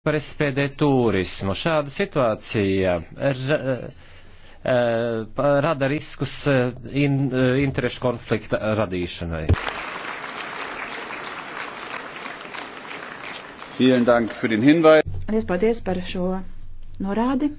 par SPD turismu. Šāda situācija eh, rada riskus eh, in, eh, interešu konflikta radīšanai. Paldies par šo norādi.